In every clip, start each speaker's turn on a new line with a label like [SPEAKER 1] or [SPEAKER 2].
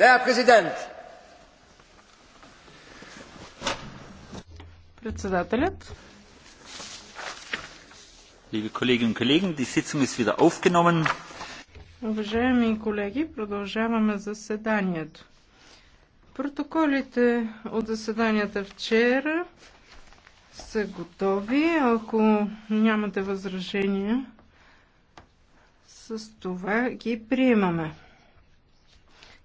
[SPEAKER 1] Herr Präsident! Liebe Kolleginnen und Kollegen, die Sitzung ist wieder aufgenommen. Уважаеми колеги, продължаваме заседанието. Протоколите от заседанията вчера са готови. Ако нямате възражения, с това ги приемаме.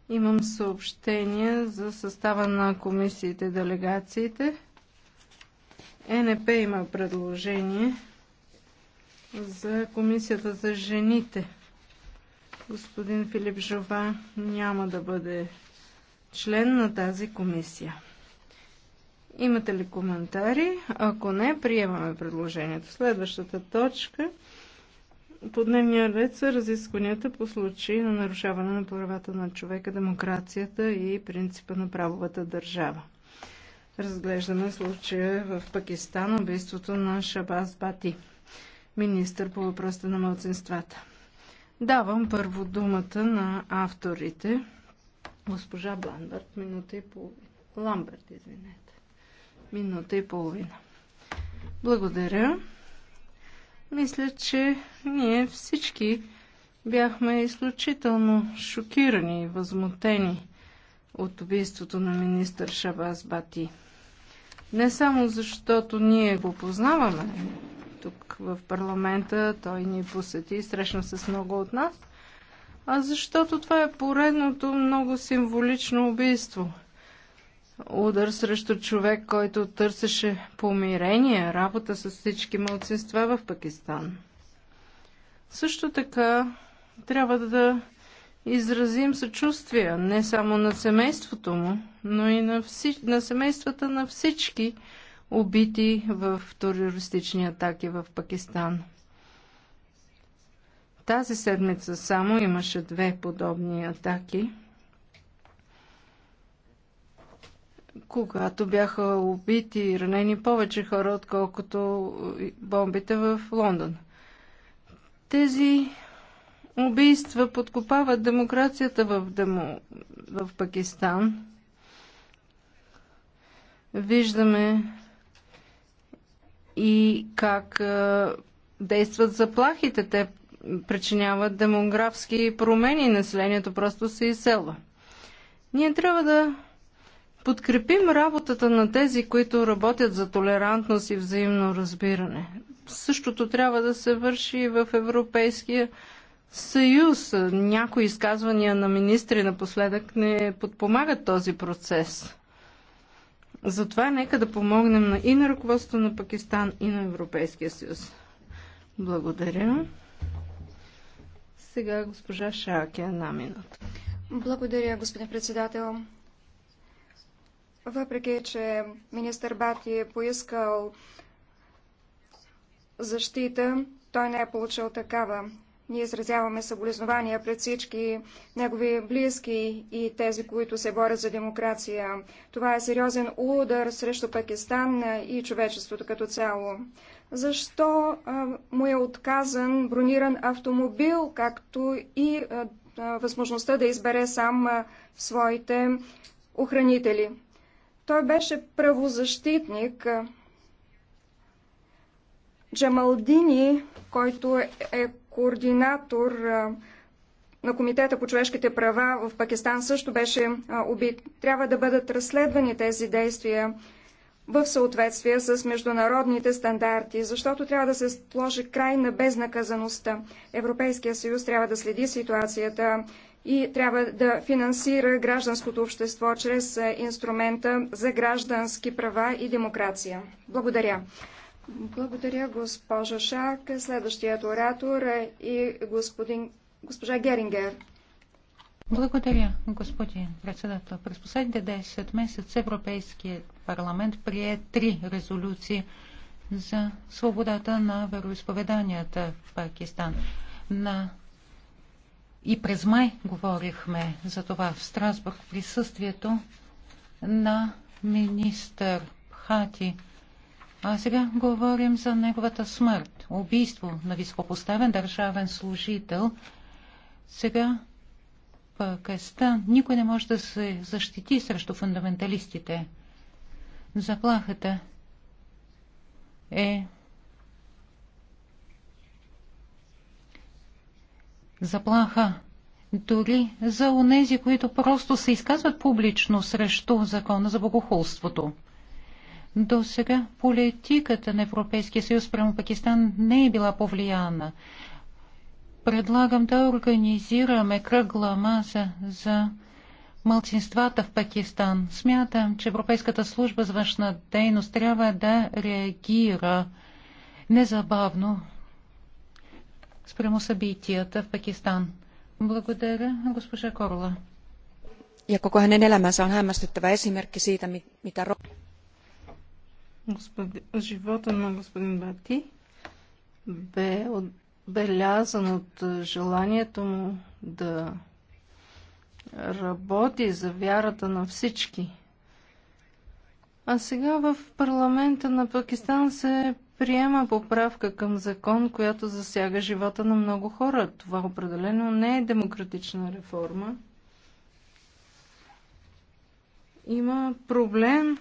[SPEAKER 1] Имам съобщение за състава на комисиите делегациите. ЕНП има предложение за комисията за жените. Господин Филип Жова няма да бъде член на тази комисия. Имате ли коментари? Ако не, приемаме предложението. Следващата точка по дневния ред са разискванията по случаи на нарушаване на правата на човека, демокрацията и принципа на правовата държава. Разглеждаме случая в Пакистан, убийството на Шабас Бати, министър по въпросите на младсинствата. Давам първо думата на авторите. Госпожа Бланбърт, минута и половина. Ламберт, извинете. Минута и половина. Благодаря. Мисля, че ние всички бяхме изключително шокирани и възмутени от убийството на министър Шабас Бати. Не само защото ние го познаваме тук в парламента, той ни посети и срещна се с много от нас, а защото това е поредното много символично убийство – удар срещу човек, който търсеше помирение, работа с всички мълцинства в Пакистан. Също така трябва да изразим съчувствие не само на семейството му, но и на, вси... на семействата на всички убити в терористични атаки в Пакистан. Тази седмица само имаше две подобни атаки – когато бяха убити и ранени повече хора, отколкото бомбите в Лондон. Тези убийства подкопават демокрацията в, демо... в Пакистан. Виждаме и как действат заплахите. Те причиняват демографски промени. Населението просто се изселва. Ние трябва да подкрепим работата на тези, които работят за толерантност и взаимно разбиране. Същото трябва да се върши и в Европейския съюз. Някои изказвания на министри напоследък не подпомагат този процес. Затова нека да помогнем и на ръководството на Пакистан, и на Европейския съюз. Благодаря. Сега госпожа Шаке една минута.
[SPEAKER 2] Благодаря, господин председател. Въпреки, че министър Бати е поискал защита, той не е получил такава. Ние изразяваме съболезнования пред всички негови близки и тези, които се борят за демокрация. Това е сериозен удар срещу Пакистан и човечеството като цяло. Защо а, му е отказан брониран автомобил, както и а, а, възможността да избере сам а, своите охранители? Той беше правозащитник. Джамалдини, който е, е координатор на Комитета по човешките права в Пакистан, също беше убит. Трябва да бъдат разследвани тези действия в съответствие с международните стандарти, защото трябва да се сложи край на безнаказаността. Европейския съюз трябва да следи ситуацията и трябва да финансира гражданското общество чрез е, инструмента за граждански права и демокрация. Благодаря. Благодаря, госпожа Шак. Следващият оратор е и господин, госпожа Герингер.
[SPEAKER 3] Благодаря, господин председател. През последните 10 месеца Европейският парламент прие три резолюции за свободата на вероисповеданията в Пакистан. На и през май говорихме за това в Страсбург в присъствието на министър Хати. А сега говорим за неговата смърт. Убийство на високопоставен държавен служител. Сега Пакистан никой не може да се защити срещу фундаменталистите. Заплахата е заплаха дори за онези, които просто се изказват публично срещу закона за богохулството. До сега политиката на Европейския съюз прямо Пакистан не е била повлияна. Предлагам да организираме кръгла маса за малцинствата в Пакистан. Смятам, че Европейската служба за външна дейност трябва да реагира незабавно спрямо събитията в Пакистан. Благодаря, госпожа Корола. Ja koko hänen elämänsä on hämmästyttävä esimerkki siitä, mitä...
[SPEAKER 1] Живота на господин Бати бе отбелязан от е, желанието му да работи за вярата на всички. А сега в парламента на Пакистан се приема поправка към закон, която засяга живота на много хора. Това определено не е демократична реформа. Има проблем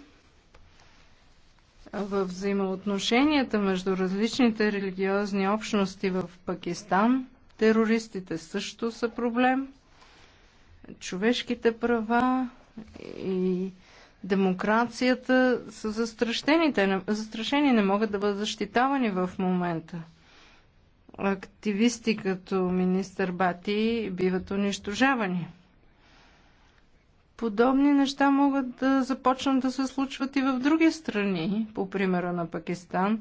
[SPEAKER 1] в взаимоотношенията между различните религиозни общности в Пакистан. Терористите също са проблем. Човешките права и демокрацията са застрашени. Те не, застрашени не могат да бъдат защитавани в момента. Активисти като министър Бати биват унищожавани. Подобни неща могат да започнат да се случват и в други страни, по примера на Пакистан.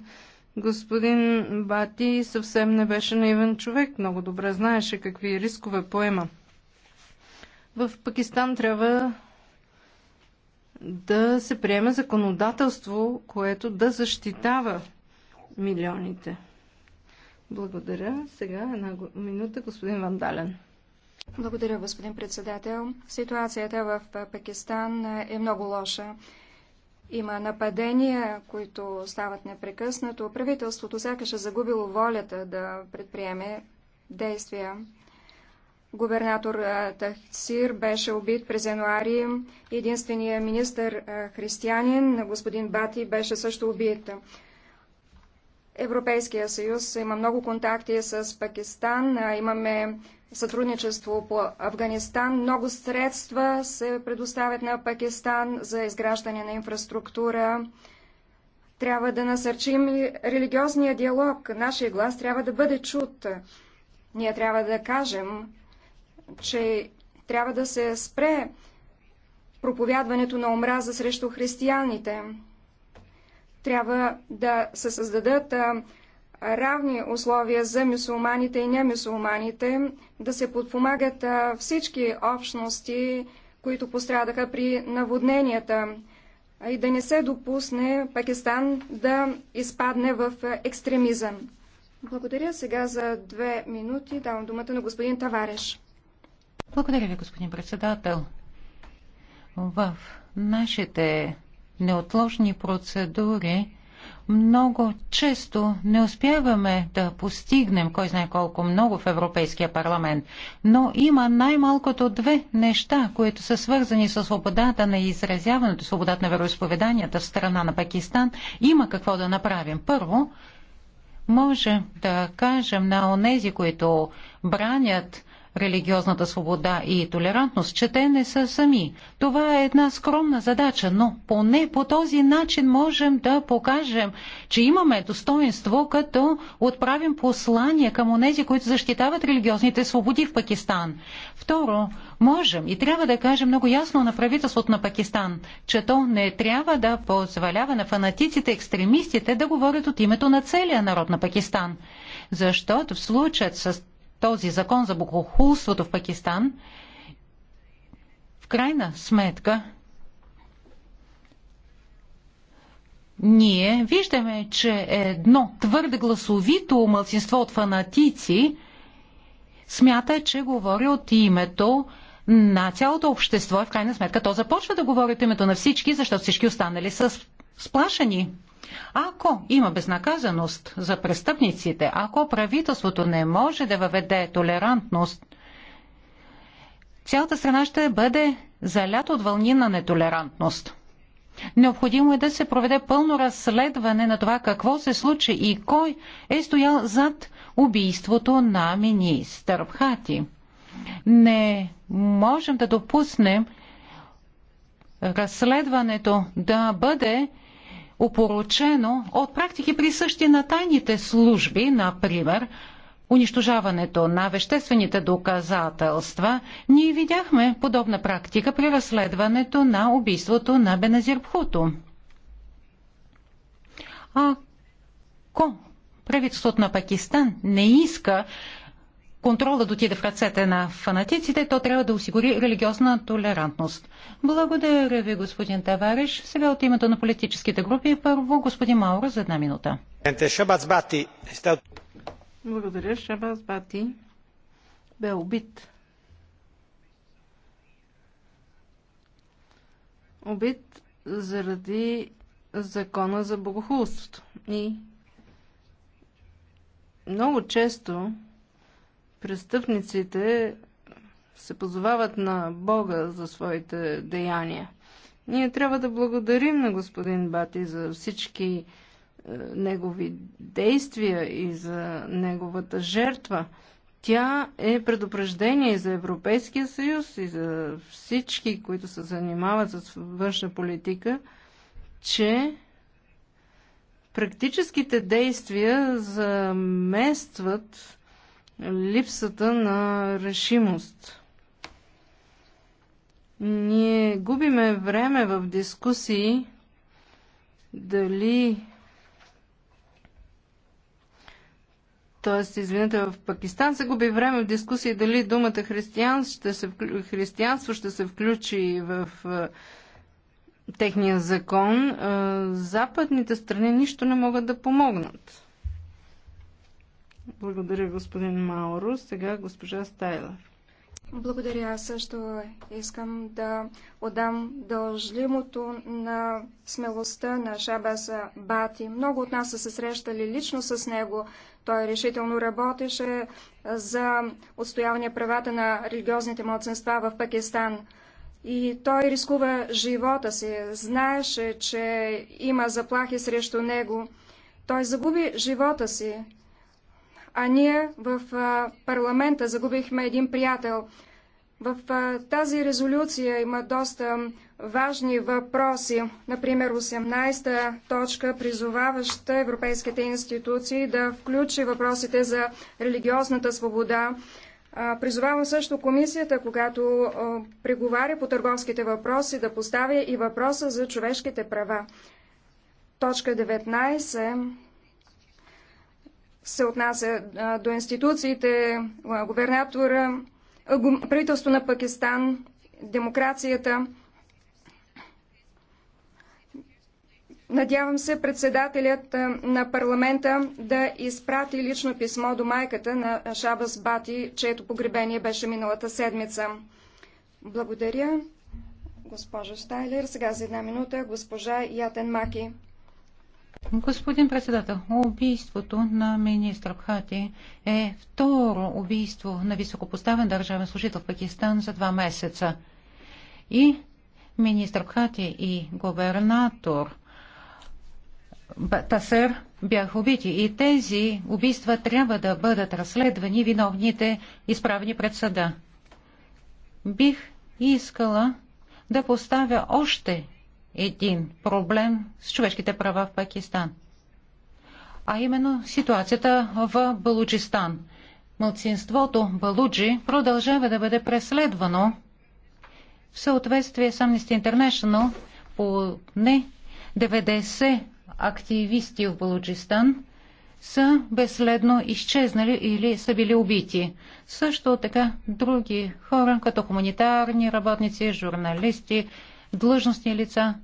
[SPEAKER 1] Господин Бати съвсем не беше наивен човек, много добре знаеше какви рискове поема. В Пакистан трябва да се приеме законодателство, което да защитава милионите. Благодаря. Сега една минута, господин Вандален.
[SPEAKER 2] Благодаря, господин председател. Ситуацията в Пакистан е много лоша. Има нападения, които стават непрекъснато. Правителството сякаш е загубило волята да предприеме действия. Губернатор Тахсир беше убит през януари. Единственият министър християнин на господин Бати беше също убит. Европейския съюз има много контакти с Пакистан, имаме сътрудничество по Афганистан. Много средства се предоставят на Пакистан за изграждане на инфраструктура. Трябва да насърчим и религиозния диалог. Нашия глас трябва да бъде чут. Ние трябва да кажем, че трябва да се спре проповядването на омраза срещу християните. Трябва да се създадат равни условия за мюсулманите и немюсулманите, да се подпомагат всички общности, които пострадаха при наводненията и да не се допусне Пакистан да изпадне в екстремизъм. Благодаря сега за две минути. Давам думата на господин Тавареш.
[SPEAKER 3] Благодаря ви, господин председател. В нашите неотложни процедури много често не успяваме да постигнем кой знае колко много в Европейския парламент, но има най-малкото две неща, които са свързани с свободата на изразяването, свободата на вероисповеданията в страна на Пакистан. Има какво да направим. Първо, може да кажем на онези, които бранят религиозната свобода и толерантност, че те не са сами. Това е една скромна задача, но поне по този начин можем да покажем, че имаме достоинство, като отправим послание към онези, които защитават религиозните свободи в Пакистан. Второ, можем и трябва да кажем много ясно на правителството на Пакистан, че то не трябва да позволява на фанатиците, екстремистите да говорят от името на целия народ на Пакистан. Защото в случаят с този закон за богохулството в Пакистан, в крайна сметка ние виждаме, че едно твърде гласовито мълцинство от фанатици смята, че говори от името на цялото общество и в крайна сметка то започва да говори от името на всички, защото всички останали са сплашени. Ако има безнаказаност за престъпниците, ако правителството не може да въведе толерантност, цялата страна ще бъде залята от вълни на нетолерантност. Необходимо е да се проведе пълно разследване на това какво се случи и кой е стоял зад убийството на министър Бхати. Не можем да допуснем разследването да бъде опоручено от практики присъщи на тайните служби, например, унищожаването на веществените доказателства, ние видяхме подобна практика при разследването на убийството на Беназир Пхуто. Ако правителството на Пакистан не иска да отиде в ръцете на фанатиците, то трябва да осигури религиозна толерантност. Благодаря ви, господин Тавариш. Сега от името на политическите групи първо господин Маура за една минута.
[SPEAKER 1] Благодаря. Шабас Бати бе убит. Убит заради закона за богохулството. И много често престъпниците се позовават на Бога за своите деяния. Ние трябва да благодарим на господин Бати за всички е, негови действия и за неговата жертва. Тя е предупреждение и за Европейския съюз, и за всички, които се занимават с външна политика, че практическите действия заместват липсата на решимост. Ние губиме време в дискусии дали Тоест, извинете, в Пакистан се губи време в дискусии дали думата християн ще се, вклю... християнство ще се включи в е, техния закон. Е, западните страни нищо не могат да помогнат. Благодаря, господин Мауро. Сега госпожа Стайла.
[SPEAKER 2] Благодаря. Аз също искам да отдам дължимото на смелостта на Шабаса Бати. Много от нас са се срещали лично с него. Той решително работеше за отстояване правата на религиозните младсенства в Пакистан. И той рискува живота си. Знаеше, че има заплахи срещу него. Той загуби живота си а ние в парламента загубихме един приятел. В тази резолюция има доста важни въпроси. Например, 18-та точка, призоваваща европейските институции да включи въпросите за религиозната свобода. Призовавам също комисията, когато преговаря по търговските въпроси, да поставя и въпроса за човешките права. Точка 19 се отнася до институциите, губернатора, правителство на Пакистан, демокрацията. Надявам се председателят на парламента да изпрати лично писмо до майката на Шабас Бати, чието погребение беше миналата седмица. Благодаря, госпожо Стайлер. Сега за една минута госпожа Ятен Маки.
[SPEAKER 3] Господин председател, убийството на министър Бхати е второ убийство на високопоставен държавен служител в Пакистан за два месеца. И министър Бхати и губернатор Тасер бяха убити. И тези убийства трябва да бъдат разследвани, виновните изправени пред съда. Бих искала да поставя още един проблем с човешките права в Пакистан, а именно ситуацията в Балуджистан. Мълцинството Балуджи продължава да бъде преследвано в съответствие с Amnesty International по не 90 активисти в Балуджистан са безследно изчезнали или са били убити. Също така други хора, като хуманитарни работници, журналисти, длъжностни лица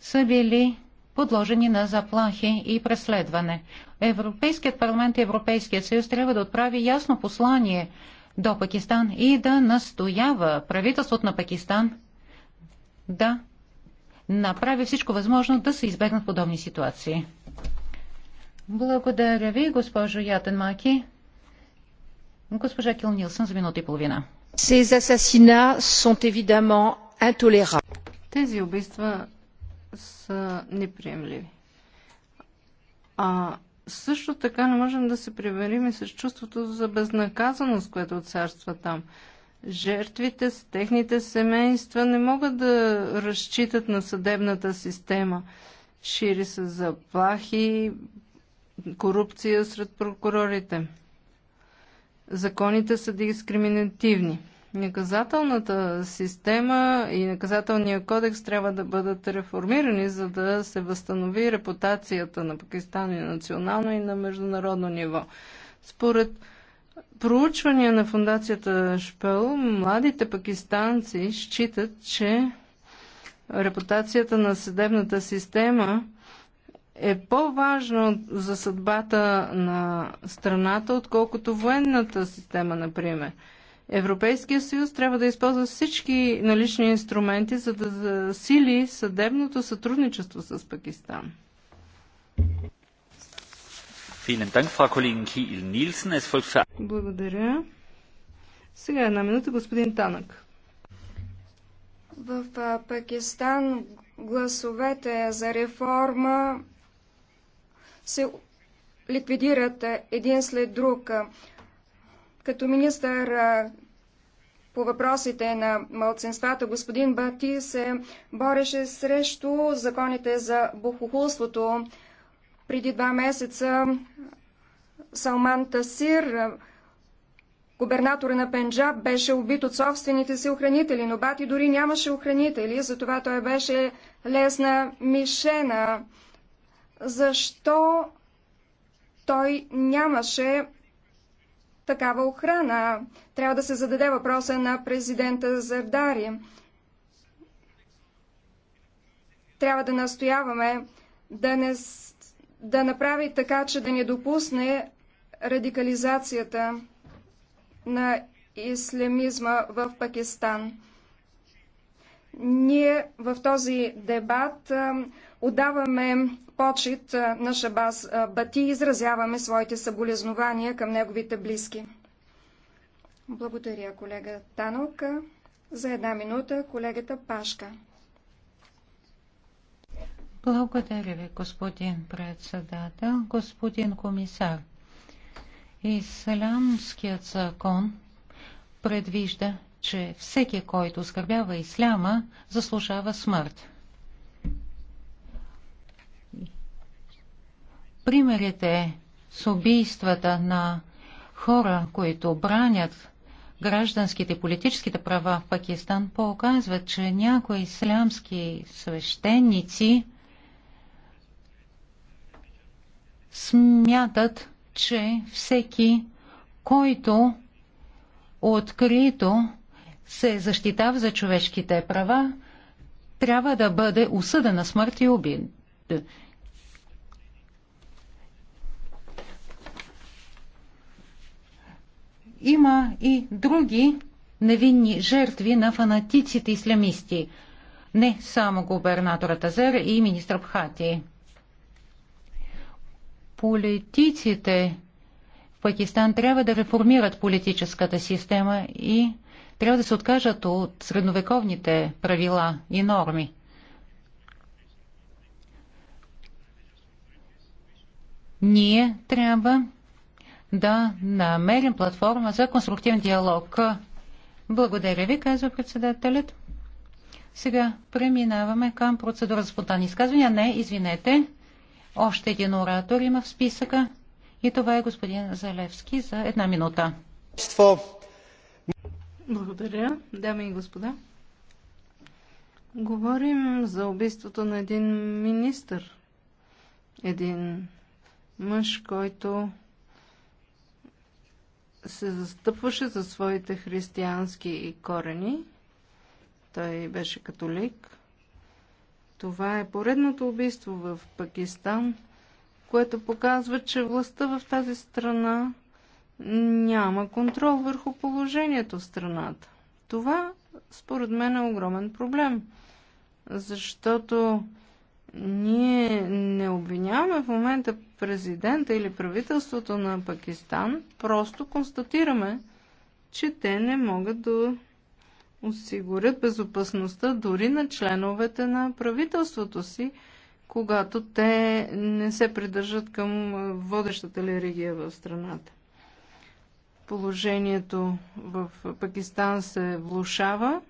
[SPEAKER 3] са били подложени на заплахи и преследване. Европейският парламент и Европейският съюз трябва да отправи ясно послание до Пакистан и да настоява правителството на Пакистан да направи всичко възможно да се избегнат подобни ситуации. Благодаря ви, госпожо Ятенмаки. Госпожа Кил Нилсън за минута и половина. Ces assassinats sont évidemment
[SPEAKER 1] intolérables. Тези убийства са неприемливи. А също така не можем да се примерим и с чувството за безнаказаност, което царства там. Жертвите с техните семейства не могат да разчитат на съдебната система. Шири се заплахи, корупция сред прокурорите. Законите са дискриминативни. Наказателната система и наказателния кодекс трябва да бъдат реформирани, за да се възстанови репутацията на Пакистан и национално и на международно ниво. Според проучвания на фундацията Шпел, младите пакистанци считат, че репутацията на съдебната система е по-важно за съдбата на страната, отколкото военната система, например – Европейския съюз трябва да използва всички налични инструменти, за да засили съдебното сътрудничество с Пакистан. Благодаря. Сега една минута, господин Танък.
[SPEAKER 2] В Пакистан гласовете за реформа се ликвидират един след друг. Като министър по въпросите на мълценствата, господин Бати се бореше срещу законите за бухохулството. Преди два месеца Салман Тасир, губернатора на Пенджаб, беше убит от собствените си охранители, но Бати дори нямаше охранители, затова той беше лесна мишена. Защо той нямаше такава охрана. Трябва да се зададе въпроса на президента Зардари. Трябва да настояваме да, не, да направи така, че да не допусне радикализацията на ислямизма в Пакистан. Ние в този дебат Отдаваме почет на Шабас Бати и изразяваме своите съболезнования към неговите близки. Благодаря, колега Танолка. За една минута колегата Пашка.
[SPEAKER 3] Благодаря ви, господин председател, господин комисар. Исламският закон предвижда, че всеки, който оскърбява исляма, заслужава смърт. Примерите с убийствата на хора, които бранят гражданските и политическите права в Пакистан, показват, че някои ислямски свещеници смятат, че всеки, който открито се защитава за човешките права, трябва да бъде осъден на смърт и убит. Има и други невинни жертви на фанатиците ислямисти. Не само губернаторът Азер и министр Пхати. Политиците в Пакистан трябва да реформират политическата система и трябва да се откажат от средновековните правила и норми. Ние трябва да намерим платформа за конструктивен диалог. Благодаря ви, казва председателят. Сега преминаваме към процедура за спонтанни изказвания. Не, извинете. Още един оратор има в списъка. И това е господин Залевски за една минута.
[SPEAKER 1] Благодаря, дами и господа. Говорим за убийството на един министр. Един мъж, който се застъпваше за своите християнски корени. Той беше католик. Това е поредното убийство в Пакистан, което показва, че властта в тази страна няма контрол върху положението в страната. Това, според мен, е огромен проблем, защото ние не обвиняваме в момента президента или правителството на Пакистан, просто констатираме, че те не могат да осигурят безопасността дори на членовете на правителството си, когато те не се придържат към водещата ли религия в страната. Положението в Пакистан се влушава.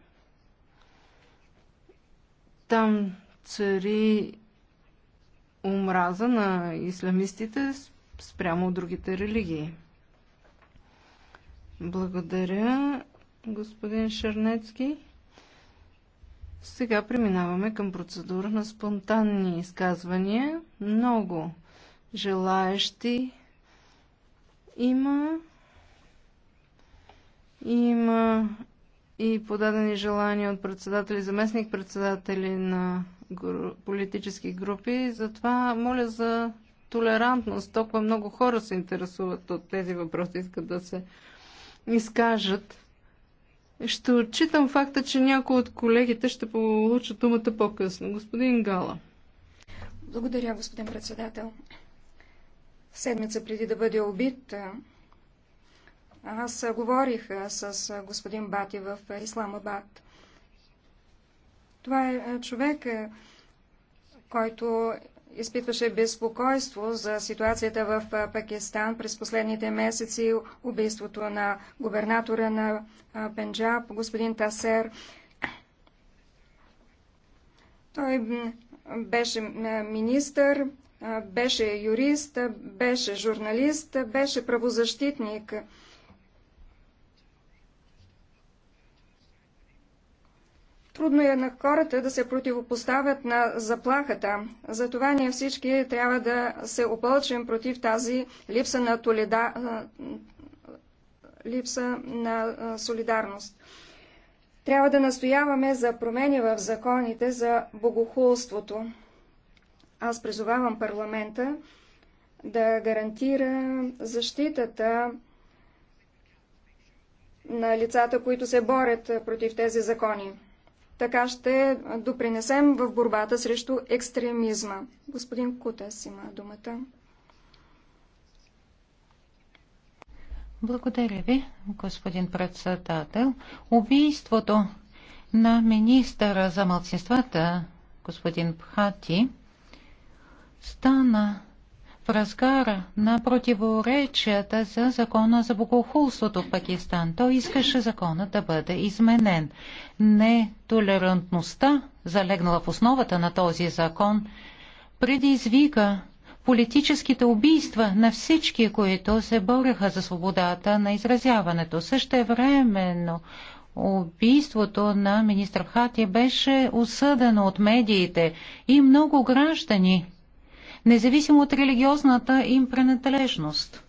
[SPEAKER 1] Там цари омраза на исламистите спрямо от другите религии. Благодаря, господин Шернецки. Сега преминаваме към процедура на спонтанни изказвания. Много желаещи има. Има и подадени желания от председатели, заместник председатели на политически групи. Затова моля за толерантност. Толкова много хора се интересуват от тези въпроси, искат да се изкажат. Ще отчитам факта, че някои от колегите ще получат думата по-късно. Господин Гала.
[SPEAKER 2] Благодаря, господин председател. Седмица преди да бъде убит, аз говорих с господин Бати в Исламабад. Това е, е човек, е, който изпитваше безпокойство за ситуацията в е, Пакистан през последните месеци, убийството на губернатора на Пенджаб, господин Тасер. Той беше министър, беше юрист, беше журналист, беше правозащитник – Трудно е на хората да се противопоставят на заплахата. Затова ние всички трябва да се опълчим против тази липса на, толида... липса на солидарност. Трябва да настояваме за промени в законите за богохулството. Аз призовавам парламента да гарантира защитата на лицата, които се борят против тези закони. Така ще допринесем в борбата срещу екстремизма. Господин Кутас има думата.
[SPEAKER 3] Благодаря ви, господин председател. Убийството на министъра за младсинствата, господин Пхати, стана в разгара на противоречията за закона за богохулството в Пакистан. Той искаше закона да бъде изменен. Нетолерантността, залегнала в основата на този закон, предизвика политическите убийства на всички, които се бореха за свободата на изразяването. Също убийството на министър Хати беше осъдено от медиите и много граждани независимо от религиозната им принадлежност.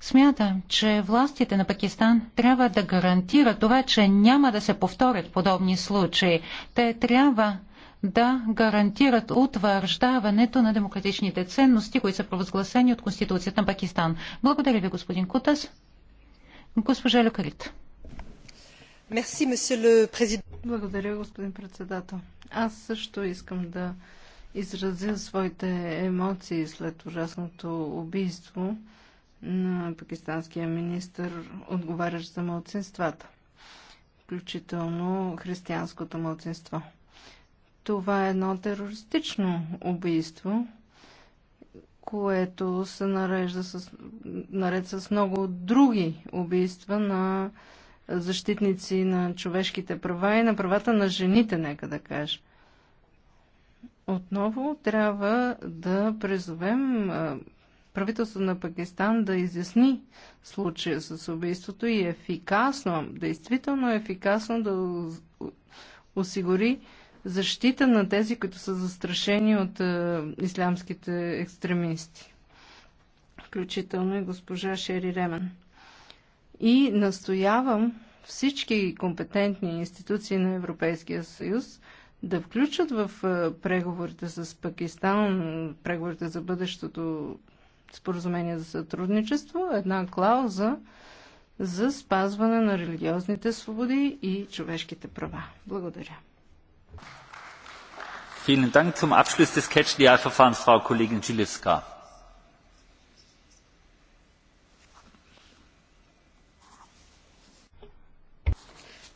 [SPEAKER 3] Смятам, че властите на Пакистан трябва да гарантират това, че няма да се повторят подобни случаи. Те трябва да гарантират утвърждаването на демократичните ценности, които са провъзгласени от Конституцията на Пакистан. Благодаря ви, господин Кутас. Госпожа Люкарит.
[SPEAKER 1] Благодаря, господин председател. Аз също искам да изразил своите емоции след ужасното убийство на пакистанския министр, отговарящ за младсинствата, включително християнското младсинство. Това е едно терористично убийство, което се нарежда с, наред с много други убийства на защитници на човешките права и на правата на жените, нека да кажа. Отново трябва да призовем правителството на Пакистан да изясни случая с убийството и е ефикасно, действително е ефикасно да осигури защита на тези, които са застрашени от е, ислямските екстремисти. Включително и госпожа Шери Ремен. И настоявам всички компетентни институции на Европейския съюз – да включат в преговорите с Пакистан, преговорите за бъдещото споразумение за сътрудничество, една клауза за спазване на религиозните свободи и човешките права. Благодаря. Vielen Dank. Zum Abschluss des Catch-the-Eye-Verfahrens Frau Kollegin Zilewska.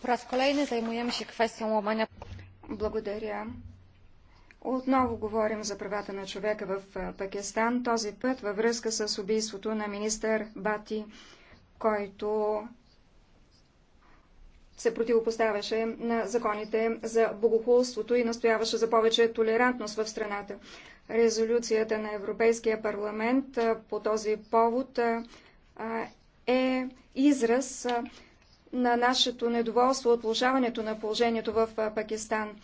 [SPEAKER 2] Po raz kolejny zajmujemy się kwestią łamania благодаря. Отново говорим за правата на човека в Пакистан, този път във връзка с убийството на министър Бати, който се противопоставяше на законите за богохулството и настояваше за повече толерантност в страната. Резолюцията на Европейския парламент по този повод е израз на нашето недоволство от положаването на положението в Пакистан,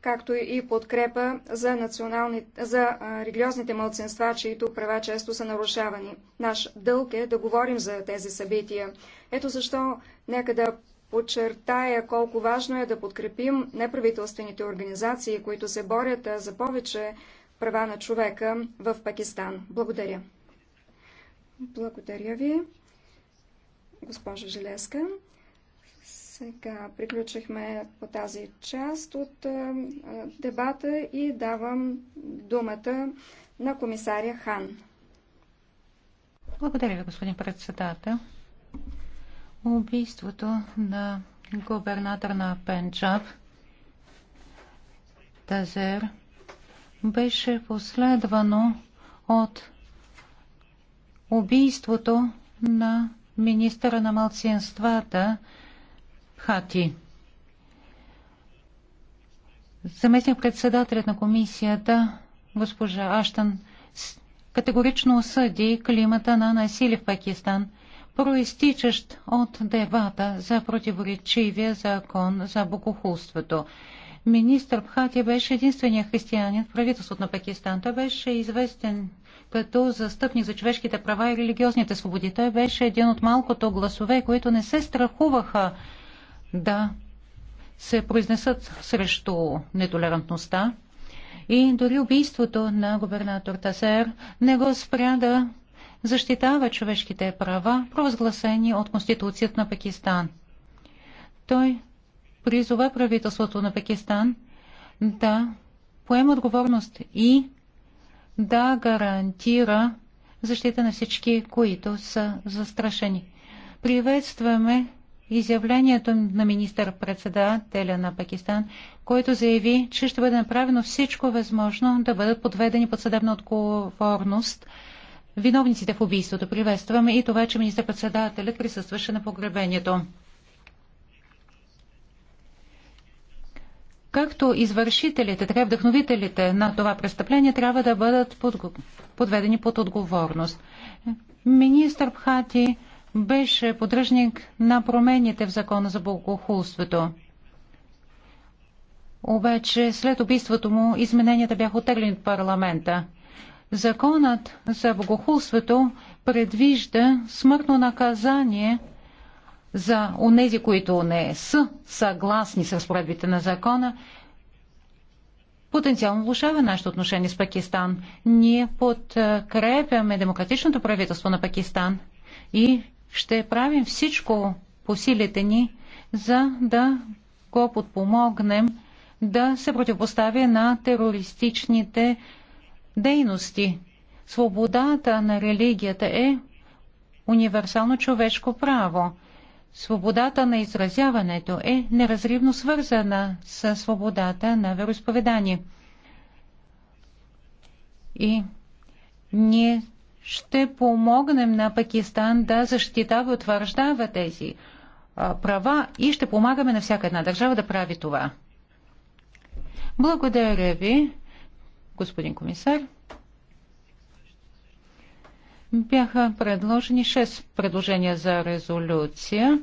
[SPEAKER 2] както и подкрепа за, национални, за религиозните мълценства, чието права често са нарушавани. Наш дълг е да говорим за тези събития. Ето защо нека да подчертая колко важно е да подкрепим неправителствените организации, които се борят за повече права на човека в Пакистан. Благодаря. Благодаря ви госпожа Желеска. Сега приключихме по тази част от дебата и давам думата на комисаря Хан.
[SPEAKER 3] Благодаря ви, господин председател. Убийството на губернатор на Пенджаб Тазер беше последвано от убийството на министъра на малцинствата Хати. Заместник председателят на комисията госпожа Аштан категорично осъди климата на насилие в Пакистан, проистичащ от дебата за противоречивия закон за богохулството. Министър Бхати беше единствения християнин в правителството на Пакистан. Той беше известен като застъпник за човешките права и религиозните свободи. Той беше един от малкото гласове, които не се страхуваха да се произнесат срещу нетолерантността. И дори убийството на губернатор Тасер не го спря да защитава човешките права, провъзгласени от Конституцията на Пакистан. Той призова правителството на Пакистан да поема отговорност и да гарантира защита на всички, които са застрашени. Приветстваме изявлението на министър-председателя на Пакистан, който заяви, че ще бъде направено всичко възможно да бъдат подведени под съдебна отговорност виновниците в убийството. Приветстваме и това, че министър-председателят присъстваше на погребението. както извършителите, така и вдъхновителите на това престъпление трябва да бъдат под, подведени под отговорност. Министър Пхати беше поддръжник на промените в закона за богохулството. Обаче след убийството му измененията бяха оттеглени от парламента. Законът за богохулството предвижда смъртно наказание – за онези, които не са съгласни с разпоредбите на закона, потенциално влушава нашето отношение с Пакистан. Ние подкрепяме демократичното правителство на Пакистан и ще правим всичко по силите ни, за да го подпомогнем да се противопоставя на терористичните дейности. Свободата на религията е универсално човешко право свободата на изразяването е неразривно свързана с свободата на вероисповедание. И ние ще помогнем на Пакистан да защитава и утвърждава тези права и ще помагаме на всяка една държава да прави това. Благодаря ви, господин комисар. Бяха предложени 6 предложения за резолюция.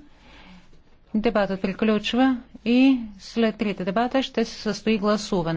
[SPEAKER 3] Дебатът приключва и след трите дебата ще се състои гласуване.